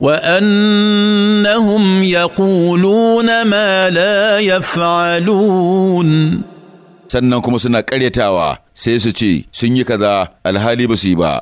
وانهم يقولون ما لا يفعلون sannan kuma suna ƙaryatawa sai su ce sun yi kaza alhali ba su yi ba